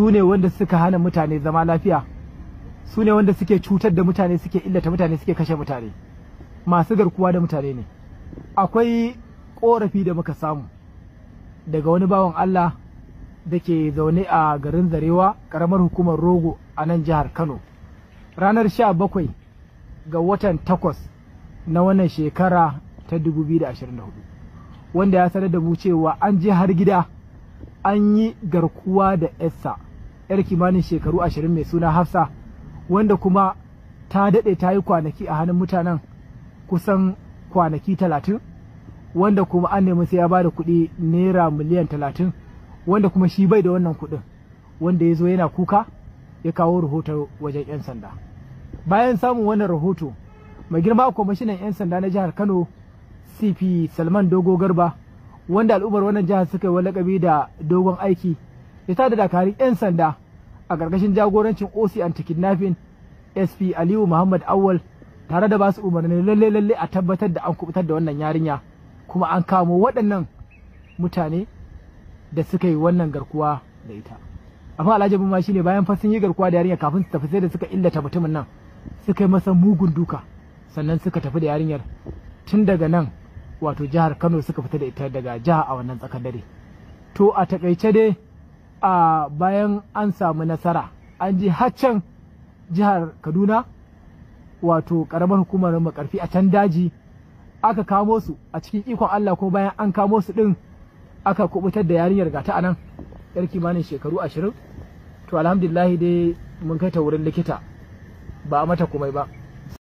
su ne wanda suka hana mutane zama lafiya su ne wanda suke cutar da mutane suke illata mutane suke kashe mutane masu garkuwa da mutane ne akwai korafi da muka samu daga wani bawan Allah da ke zaune a garin zarewa karamar hukumar rogo a nan jihar kano ranar sha bakwai ga watan takwas na wannan shekara ta 2024 wanda ya sanar da mu cewa an je har gida an yi garkuwa da essa 'yar kimanin shekaru ashirin mai suna hafsa wanda kuma ta daɗe ta yi kwanaki a hannun mutanen kusan kwanaki talatin wanda kuma an nemi sai ya ba da kuɗi naira miliyan talatin wanda kuma shi bai da wannan kuɗin wanda ya zo yana kuka ya kawo rahoton wajen 'yan sanda bayan samun wannan rahoto mai girma kwamishinan 'yan sanda na jihar kano cp salman dogo garba wanda al'ummar wannan jihar suka yi lakabi da dogon aiki ya tada dakarun 'yan sanda a ƙarƙashin jagorancin OC anti-kidnapping SP Aliyu Muhammad Awal tare da basu umarni lalle lalle a tabbatar da an kubutar da wannan yarinya kuma an kamo waɗannan mutane da suka yi wannan garkuwa da ita amma Alhaji Buma shine bayan fa sun yi garkuwa da yarinya kafin su tafi sai da suka illata mutumin nan suka yi masa mugun duka sannan suka tafi da yarinyar tun daga nan wato jihar Kano suka fita da ita daga jiha a wannan tsakar dare to a takaice dai a bayan an samu nasara an ji haccan jihar kaduna wato karamar hukumar makarfi a can daji aka kamo su a cikin ikon allah ko bayan an kamo su din aka kubutar da yarinyar gata a nan yar kimanin shekaru ashirin to alhamdulillahi dai mun kai ta wurin likita ba a mata komai ba